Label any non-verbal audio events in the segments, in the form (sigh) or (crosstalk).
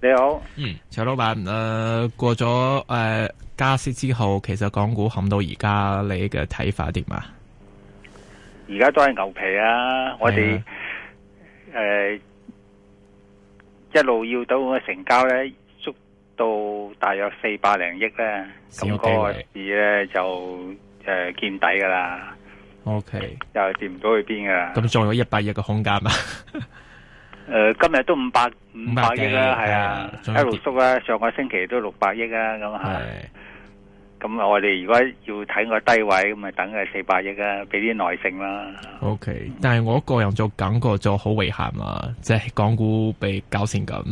你好，嗯，徐老闆，誒、呃，過咗誒加息之後，其實港股冚到而家，你嘅睇法點啊？而家都係牛皮啊！啊我哋誒、呃、一路要到嘅成交咧，縮到大約四百零億咧，咁嗰個市咧就誒見底噶啦。O K，又掂唔到去邊啊？咁仲有一百億嘅空間嘛？ (laughs) 誒、呃，今日都五百五百億啦，係啊，一路縮啦。上個星期都六百億是啊，咁係。咁我哋如果要睇個低位，咁咪等佢四百億啊，俾啲耐性啦。O、okay, K，但係我個人就感覺就好危險啊，即、就、係、是、港股被搞成咁。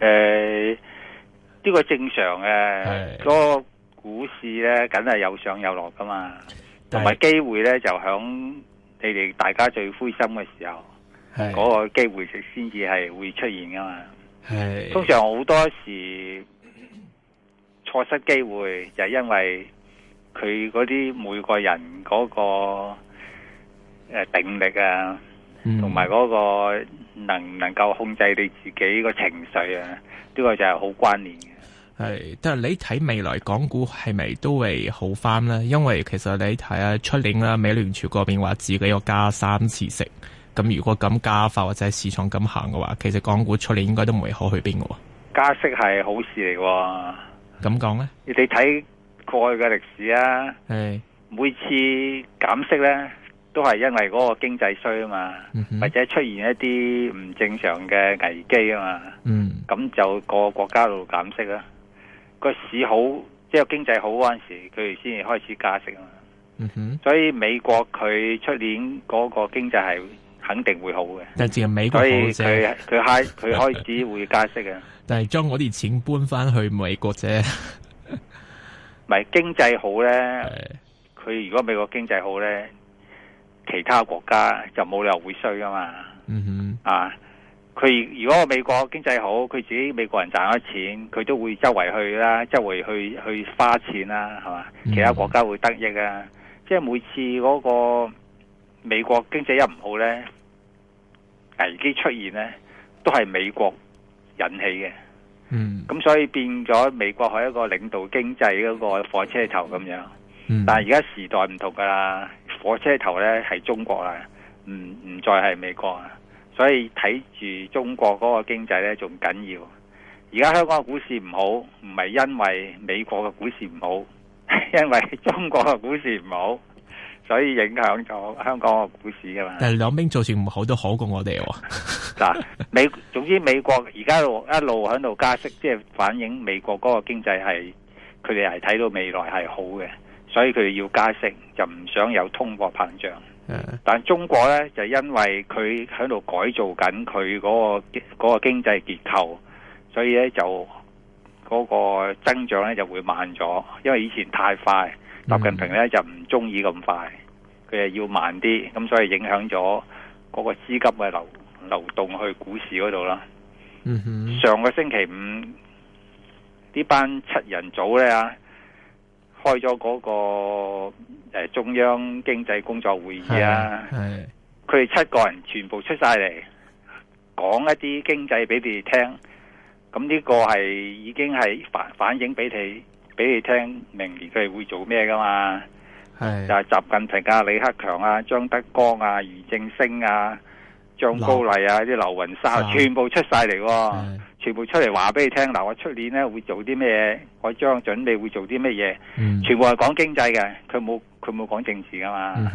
誒，呢個正常嘅，是個股市咧，梗係有上有落噶嘛，同埋機會咧就響你哋大家最灰心嘅時候。嗰是個機會先至係會出現噶嘛？是通常好多時錯失機會就因為佢嗰啲每個人嗰、那個誒、呃、定力啊，同埋嗰個能唔能夠控制你自己個情緒啊，呢、這個就係好關聯嘅。係，但係你睇未來港股係咪都會好翻咧？因為其實你睇下出年啦，美聯儲嗰邊話自己要加三次息。咁如果咁加法或者市場咁行嘅話，其實港股出嚟應該都唔係好去邊嘅喎。加息係好事嚟喎，啊。咁講咧？你睇過去嘅歷史啊，是每次減息咧都係因為嗰個經濟衰啊嘛，嗯、哼或者出現一啲唔正常嘅危機啊嘛，咁、嗯、就個國家度減息啦。個市好即係、就是、經濟好嗰陣時，佢哋先至開始加息啊嘛。嗯哼，所以美國佢出年嗰個經濟係。肯定會好嘅，但係美國好，佢佢開佢開始會加息嘅。 (laughs) 但係將嗰啲錢搬翻去美國啫，咪 (laughs) 經濟好呢？佢是如果美國經濟好呢，其他國家就冇理由會衰噶嘛。嗯哼、mm，hmm。啊，佢如果美國經濟好，佢自己美國人賺咗錢，佢都會周圍去啦，周圍去去，去花錢啦，係嘛？Mm hmm。其他國家會得益啊。即係每次嗰個美國經濟一唔好呢，危機出現呢，都係美國引起嘅。嗯，咁所以變咗美國係一個領導經濟嗰個火車頭咁樣。嗯，但係而家時代唔同㗎啦，火車頭呢係中國啦，唔唔再係美國啊。所以睇住中國嗰個經濟呢，仲緊要。而家香港嘅股市唔好，唔係因為美國嘅股市唔好，係因為中國嘅股市唔好。所以影響咗香港個股市噶嘛？但係兩邊做事唔好都好過我哋喎。嗱， (laughs) 美總之美國而家一路喺度加息，即係反映美國嗰個經濟係佢哋係睇到未來係好嘅，所以佢哋要加息，就唔想有通貨膨脹。Yeah. 但中國呢，就因為佢喺度改造緊佢嗰個嗰個經濟結構，所以呢，就嗰個增長呢就會慢咗，因為以前太快。習近平咧就唔中意咁快，佢又要慢啲，咁所以影響咗嗰個資金嘅流流動去股市嗰度啦。嗯、哼上個星期五呢班七人組咧，開咗嗰個、呃、中央經濟工作會議啊，係佢哋七個人全部出曬嚟講一啲經濟俾你聽，咁呢個係已經係反反映俾你。俾你聽，明年佢哋會做咩噶嘛？是就係習近平啊、李克強啊、張德江啊、俞正聲啊、張高麗啊啲劉、劉雲山、啊啊、全部出晒嚟，是全部出嚟話俾你聽。嗱，我出年咧會做啲咩嘢？我將準備會做啲咩嘢？嗯、全部係講經濟嘅，佢冇佢冇講政治噶嘛。咁、嗯、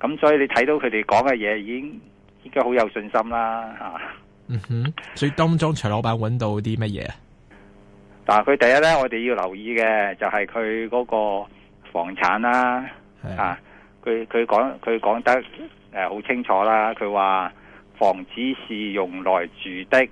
哼所以你睇到佢哋講嘅嘢，已經應該好有信心啦。嚇 (laughs) ，嗯哼。所以當中徐老闆揾到啲乜嘢但係佢第一咧，我哋要留意嘅就係佢嗰個房產啦，啊，佢佢講佢講得誒好清楚啦、啊。佢話房子是用來住的，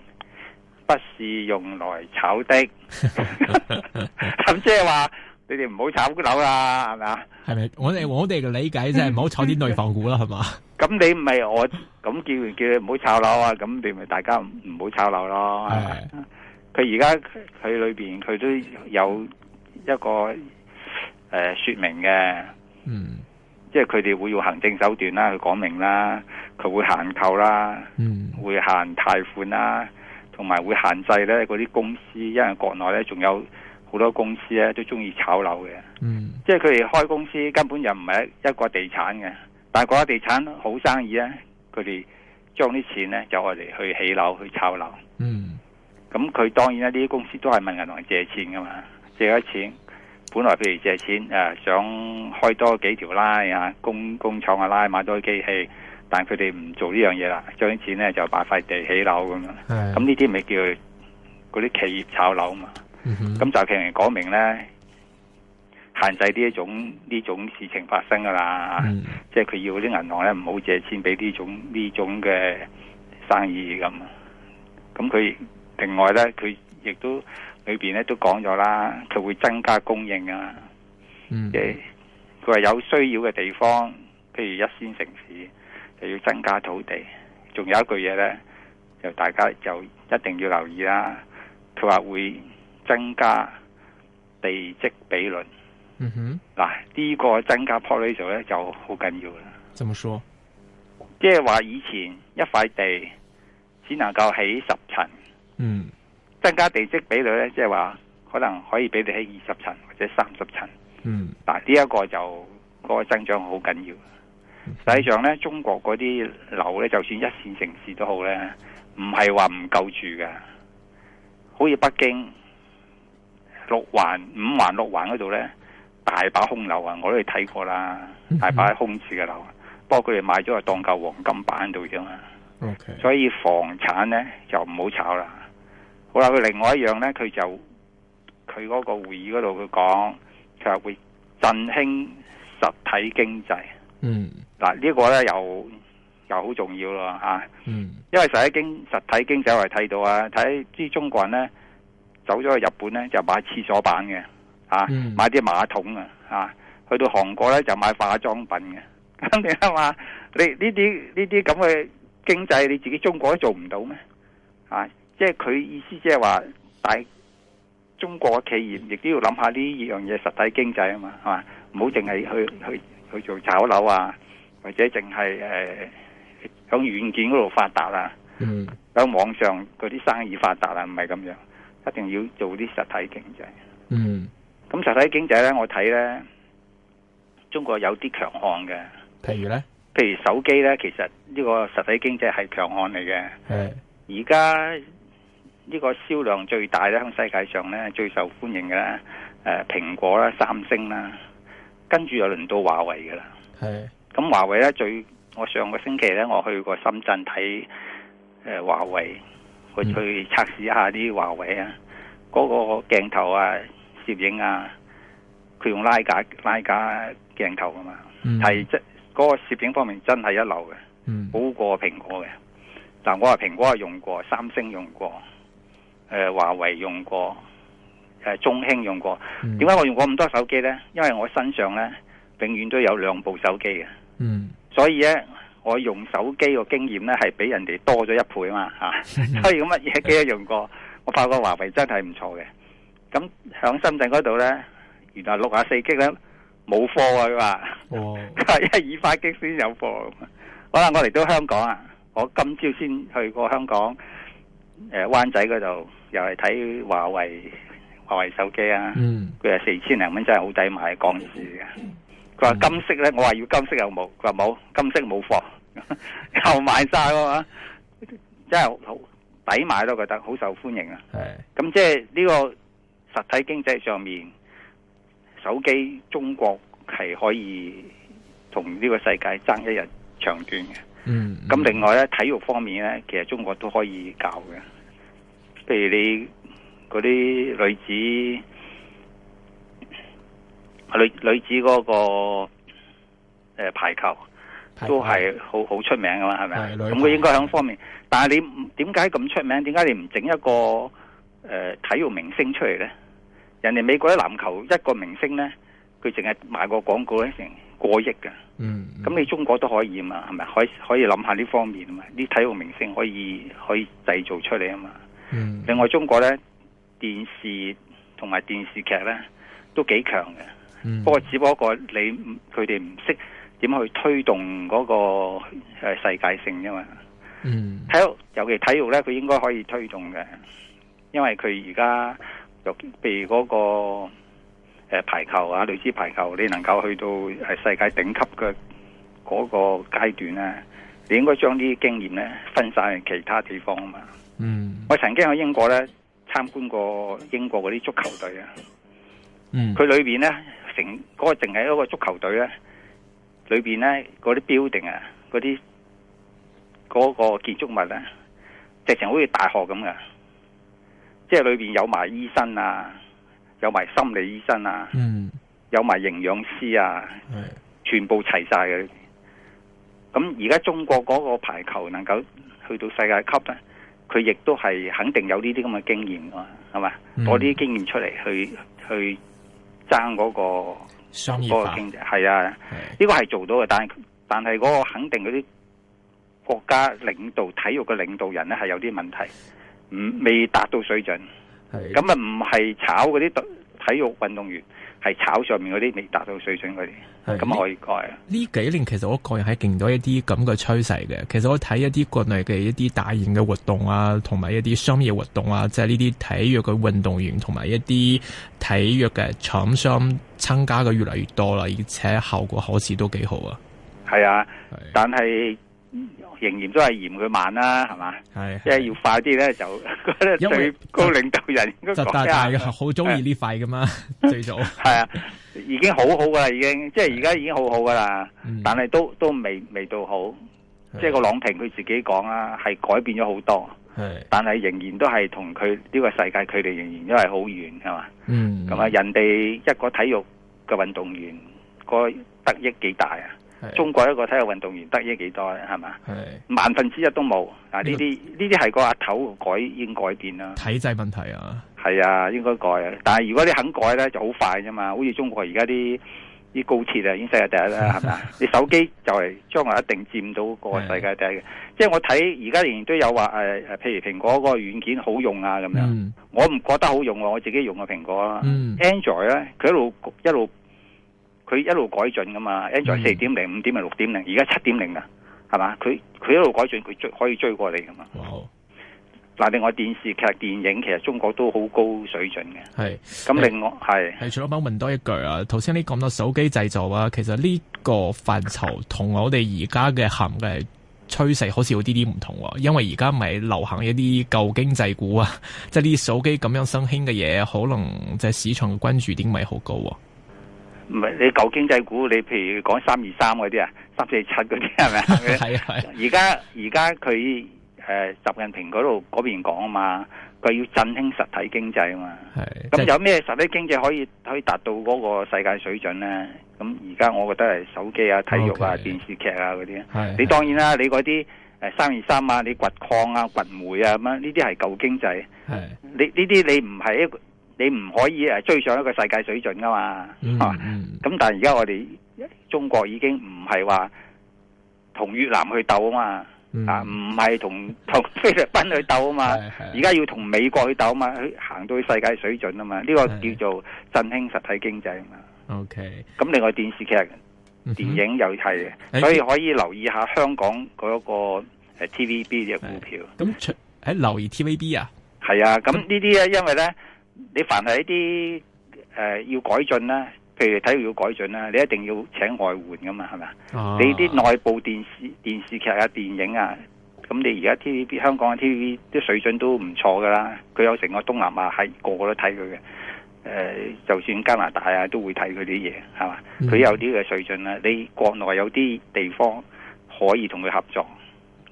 不是用來炒的。咁即係話你哋唔好炒樓啦，係咪 (laughs) 啊？係咪？我哋我哋嘅理解即係唔好炒啲內房股啦，係嘛？咁你唔係我咁叫完叫你唔好炒樓啊？咁你咪大家唔唔好炒樓咯。係。佢而家佢裏邊佢都有一個誒、呃、說明嘅，嗯，即係佢哋會用行政手段啦，去講明啦，佢會限購啦，嗯，會限貸款啦，同埋會限制咧嗰啲公司，因為國內咧仲有好多公司咧都中意炒樓嘅，嗯，即係佢哋開公司根本就唔係一個地產嘅，但係嗰個地產好生意咧，佢哋將啲錢咧就我哋去起樓去炒樓，嗯。咁佢當然啦，呢啲公司都係問銀行借錢噶嘛，借咗錢，本來譬如借錢，啊、想開多幾條拉啊，工工廠啊拉，買多啲機器，但佢哋唔做呢樣嘢啦，將啲錢咧就擺塊地起樓咁樣。咁呢啲咪叫嗰啲企業炒樓嘛。咁、嗯、哼就近平講明咧，限制呢一種呢種事情發生噶啦，嗯、即係佢要啲銀行咧唔好借錢俾呢種呢種嘅生意咁，咁佢。另外咧，佢亦都裏邊咧都講咗啦，佢會增加供應啊。嗯，即係佢話有需要嘅地方，譬如一線城市，就要增加土地。仲有一句嘢咧，就大家就一定要留意啦。佢話會增加地積比率。嗯哼，嗱呢個增加 plot ratio 咧就好緊要啦。怎麼說？即係話以前一塊地只能夠起十層。嗯，增加地積比率咧，即係話可能可以俾你喺二十層或者三十層。嗯，但呢一個就、嗰個增長好緊要。實際上咧，中國嗰啲樓咧，就算一線城市都好咧，唔係話唔夠住噶。好似北京六環、五環、六環嗰度咧，大把空樓啊，我都去睇過啦，大把空置嘅樓。嗯、不過佢哋買咗就當嚿黃金板度啫嘛。okay. 所以房產咧就唔好炒啦。好啦，佢另外一樣咧，佢就佢嗰個會議嗰度佢講，佢話會振興實體經濟。嗯，嗱、啊這個、呢個咧又又好重要咯、啊、嗯，因為實體經實體經濟我哋睇到啊，睇啲中國人咧走咗去日本咧就買廁所板嘅嚇，啊嗯、買啲馬桶啊嚇，去到韓國咧就買化妝品嘅。咁、啊、你話你呢啲呢啲咁嘅經濟你自己中國都做唔到咩？啊即係佢意思，即係話大中國嘅企業亦都要諗下呢樣嘢，實體經濟啊嘛，係嘛，唔好淨係去去去做炒樓啊，或者淨係誒響軟件嗰度發達啊，響、嗯、網上嗰啲生意發達啊，唔係咁樣，一定要做啲實體經濟。嗯，咁實體經濟咧，我睇咧，中國有啲強項嘅，譬如咧，譬如手機咧，其實呢個實體經濟係強項嚟嘅。係的，而家。呢個銷量最大咧，喺世界上咧最受歡迎嘅咧，誒、呃，蘋果啦、三星啦，跟住又輪到華為嘅啦。係咁是，華為咧最我上個星期咧我去過深圳睇，誒、呃，華為去去測試一下啲華為啊，嗯、嗰個鏡頭啊、攝影啊，佢用徠卡徠卡鏡頭噶嘛，係即、嗯嗰個攝影方面真係一流嘅，嗯、好過蘋果嘅。但係我話蘋果係用過，三星用過。誒，呃、華為用過，誒、呃，中興用過，點解、嗯、我用過咁多手機呢？因為我身上呢永遠都有兩部手機嘅，嗯，所以呢我用手機個經驗呢係比人哋多咗一倍嘛，吓、啊，所以乜嘢機都用過， (laughs) 我發覺華為真係唔錯嘅。咁喺深圳嗰度呢原來六啊四 G 咧冇貨啊，佢話，他哦， (laughs) 一二八 G 先有貨。好啦，我嚟到香港啊，我今朝先去過香港。誒，灣、呃、仔嗰度又係睇華為，華為手機啊，佢係四千零蚊真係好抵買，港紙嘅。佢話金色咧，我話要金色又冇，佢話冇金色冇貨， (laughs) 又賣晒噶嘛，真係好抵買，都覺得好受歡迎啊。咁即係呢個實體經濟上面，手機中國係可以同呢個世界爭一日長短嘅。咁、嗯嗯、另外咧，體育方面咧，其實中國都可以搞嘅。譬如你嗰啲女子女女子嗰、那個誒、呃、排球，排球都係好好出名噶嘛係咪？咁佢應該喺方面，排球但係你點解咁出名？點解你唔整一個誒、呃、體育明星出嚟咧？人哋美國啲籃球一個明星咧，佢淨係賣個廣告咧成過億噶、嗯。嗯，咁你中國都可以嘛？係咪？可以可以諗下呢方面啊嘛？啲體育明星可以可以製造出嚟啊嘛？另外，中國咧電視同埋電視劇咧都幾強嘅，嗯、不過只不過你佢哋唔識點去推動嗰、那個誒、呃、世界性啫嘛。嗯、體育尤其體育咧，佢應該可以推動嘅，因為佢而家又譬如嗰、那個誒、呃、排球啊，類似排球，你能夠去到係世界頂級嘅嗰個階段咧，你應該將啲經驗咧分散喺其他地方啊嘛。嗯，我曾經喺英國咧參觀過英國嗰啲足球隊啊，嗯，佢裏邊咧成嗰個淨係一個足球隊咧，裏邊咧嗰啲 building 啊，嗰啲嗰個建築物咧、啊，直情好似大學咁噶，即係裏邊有埋醫生啊，有埋心理醫生啊，嗯，有埋營養師啊，係，全部齊晒嘅，咁而家中國嗰個排球能夠去到世界級啊。佢亦都係肯定有呢啲咁嘅經驗咯，係嘛？攞啲經驗出嚟去去爭嗰個商業化，係啊，呢個係做到嘅，但係但係嗰個肯定嗰啲國家領導體育嘅領導人咧係有啲問題，唔未達到水準，咁啊唔係炒嗰啲體育運動員。係炒上面嗰啲未達到水準嗰啲，咁可以改。呢幾年其實我個人係見到一啲咁嘅趨勢嘅。其實我睇一啲國內嘅一啲大型嘅活動啊，同埋一啲商業活動啊，即係呢啲體育嘅運動員同埋一啲體育嘅廠商參加嘅越嚟越多啦，而且效果好似都幾好的是啊。係啊是，但係。仍然都係嫌佢慢啦、啊，係嘛？係即係要快啲咧，就因最高領導人應該就，就大家好中意呢塊噶嘛，是最早係啊，已經好好噶啦，已經是即係而家已經好好噶啦，是但係都都未未到好，是即係個郎平佢自己講啊，係改變咗好多，係是，但係仍然都係同佢呢個世界，距離仍然都係好遠，係嘛？嗯，咁啊，人哋一個體育嘅運動員，個得益幾大啊？是中國一個體育運動員得益幾多咧？係嘛？係是萬分之一都冇。嗱呢啲呢啲係個阿頭改應該改變啦。體制問題啊，係啊，應該改啊。但係如果你肯改咧，就好快啫嘛。好似中國而家啲啲高鐵啊，已經世界第一啦，係咪 (laughs) 你手機就係將來一定佔到個世界第一嘅。是即係我睇而家仍然都有話誒誒，譬如蘋果個軟件好用啊咁樣。嗯、我唔覺得好用啊，我自己用個蘋果啊、嗯、，Android 咧，佢一路一路。一路佢一路改進噶嘛，Android 四點零、五點零、六點零，而家七點零係嘛？佢佢、嗯、一路改進，佢追可以追過你噶嘛？嗱哇，另外電視劇、其實電影其實中國都好高水準嘅。咁是另外係，係徐老闆問多一句啊，頭先你講到手機製造啊，其實呢個範疇同我哋而家嘅行嘅趨勢好似有啲啲唔同喎、啊，因為而家咪流行一啲舊經濟股啊，即係呢啲手機咁樣新興嘅嘢，可能即係市場嘅關注點咪好高喎、啊。唔係你舊經濟股，你譬如講三二三嗰啲啊，三四七嗰啲係咪？係啊！而家而家佢誒習近平嗰度嗰邊講啊嘛，佢要振興實體經濟啊嘛。係是。咁有咩實體經濟可以可以達到嗰個世界水準咧？咁而家我覺得係手機啊、體育啊、Okay. 電視劇啊嗰啲。係是。你當然啦，你嗰啲誒三二三啊，你掘礦啊、掘煤啊咁啊，呢啲係舊經濟。係是。你呢啲你唔係一個。你唔可以誒追上一個世界水準啊嘛？咁、嗯啊、但係而家我哋中國已經唔係話同越南去鬥啊嘛，嗯、啊唔係同同菲律賓去鬥啊嘛，而家的要同美國去鬥啊嘛，去行到世界水準啊嘛，呢、呢個叫做振興實體經濟啊嘛。OK，咁的另外電視劇、嗯、哼電影又係嘅，所以可以留意下香港嗰一個誒 TVB 嘅股票。咁出、哎、留意 TVB 啊？係啊，咁呢啲咧，因為咧。你凡係一啲誒、呃、要改進啦，譬如體育要改進啦，你一定要請外援噶嘛，係咪、啊、你啲內部電視電視劇啊、電影啊，咁你而家 TVB 香港嘅 TVB 啲水準都唔錯噶啦，佢有成個東南亞係個個都睇佢嘅，誒、呃，就算加拿大啊都會睇佢啲嘢，係嘛？佢、嗯、有啲嘅水準啦，你國內有啲地方可以同佢合作，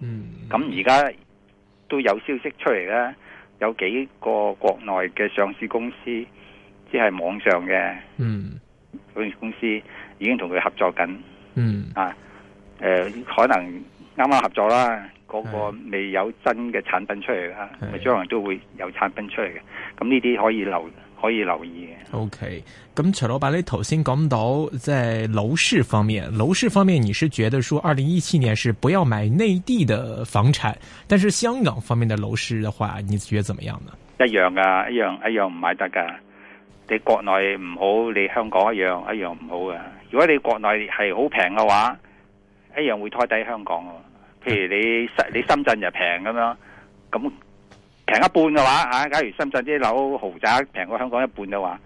嗯，咁而家都有消息出嚟啦。有幾個國內嘅上市公司，即係網上嘅嗯、保險公司已經同佢合作緊，嗯、啊、誒、呃、可能啱啱合作啦，嗰、嗰個未有真嘅產品出嚟啦，咁將來都會有產品出嚟嘅，咁呢啲可以留。可以留意嘅。OK，咁、嗯、徐老闆，你頭先講到在樓市方面，樓市方面你是覺得說二零一七年是不要買內地的房產，但是香港方面的樓市的話，你覺得怎麼樣呢？一樣噶，一樣一樣唔買得噶。你國內唔好，你香港一樣一樣唔好噶。如果你國內係好平嘅話，一樣會拖低香港。譬如你深、嗯、你深圳又平咁樣，咁。平一半嘅話嚇，假如深圳啲樓豪宅平過香港一半嘅話，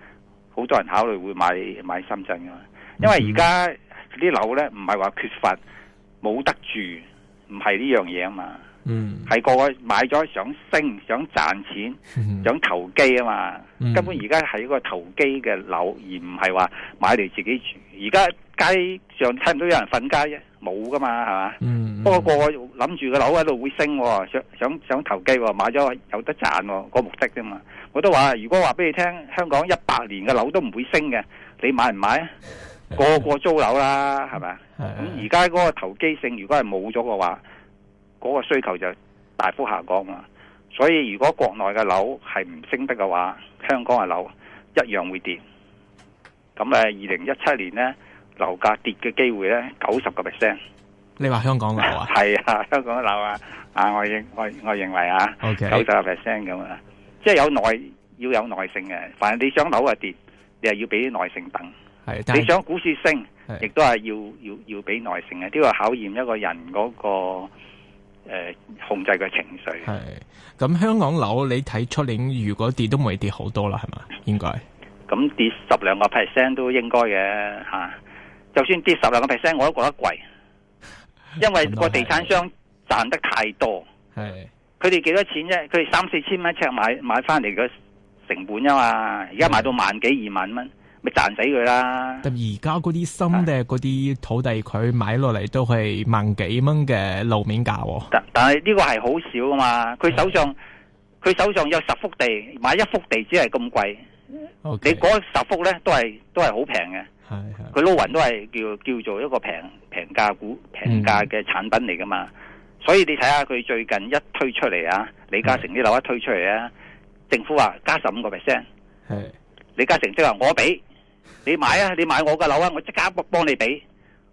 好多人考慮會買買深圳噶嘛。因為而家啲樓咧唔係話缺乏冇得住，唔係呢樣嘢啊嘛。嗯，係個個買咗想升、想賺錢、嗯、想投機啊嘛。根本而家係一個投機嘅樓，而唔係話買嚟自己住。而家。街上睇唔到有人瞓街啫，冇噶嘛，係嘛？嗯。不過個個諗住個樓喺度會升，想想想投機，買咗有得賺個目的啫嘛。我都話，如果話俾你聽，香港一百年嘅樓都唔會升嘅，你買唔買？個，個個租樓啦，係咪 (laughs) 吧？咁而家嗰個投機性，如果係冇咗嘅話，嗰個需求就大幅下降嘛。所以如果國內嘅樓係唔升得嘅話，香港嘅樓一樣會跌。咁誒，二零一七年咧。樓價跌嘅機會咧，九十個 percent。你話香港樓啊？係 (laughs) 啊，香港樓啊！啊，我認我我認為啊，ok，九十個 percent 咁啊，即係有耐要有耐性嘅。凡係你想樓啊跌，你係要俾耐性等。係，但係你想股市升，亦都係要要要俾耐性嘅。呢個考驗一個人嗰、嗰個誒、呃、控制嘅情緒。係。咁香港樓你睇出年，如果跌都未跌好多啦，係嘛？應該。咁 (laughs) 跌十兩個 percent 都應該嘅吓。啊就算跌十兩個 percent，我都覺得貴，因為個地產商賺得太多。係， (laughs) 佢哋幾多錢啫？佢哋三四千蚊尺買買翻嚟嘅成本啫嘛。而家賣到 1, 的萬幾二萬蚊，咪賺死佢啦！咁而家嗰啲深嘅嗰啲土地，佢買落嚟都係萬幾蚊嘅樓面價，哦但，但但係呢個係好少啊嘛。佢手上佢 Okay. 手上有十幅地，買一幅地只係咁貴。Okay. 你嗰十幅咧都係都係好平嘅。係佢撈云都係叫叫做一個平平價股平價嘅產品嚟噶嘛，嗯、所以你睇下佢最近一推出嚟啊，李嘉誠啲樓一推出嚟啊，嗯、政府話加十五個 percent，係李嘉誠即話我俾你買啊，你買我嘅樓啊，我即刻幫你俾，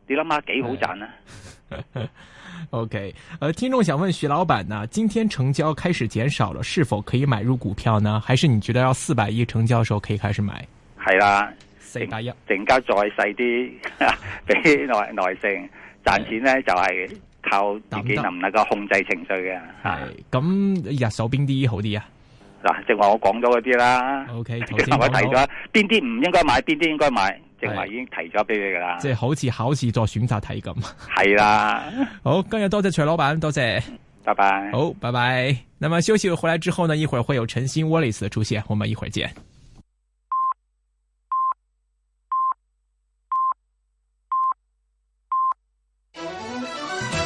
你諗下幾好賺啊。 (laughs) OK，誒、呃，聽眾想問徐老闆啊，今天成交開始減少了，是否可以買入股票呢？還是你覺得要四百億成交時候可以開始買？係啦。成交再細啲，俾耐耐性賺錢咧，是就係靠自己能唔能夠控制情緒嘅。係咁入手邊啲好啲啊？嗱，正話我講咗嗰啲啦。O K，正話我提咗邊啲唔應該買，邊啲應該買，正話是已經提咗俾你噶啦。即係好似考試再選擇題咁。係啦，好，今日多謝徐老闆，多謝，拜拜。好，拜拜。那麼休息回來之後呢，一會兒會有陳新 Wallace 出現，我們一會見。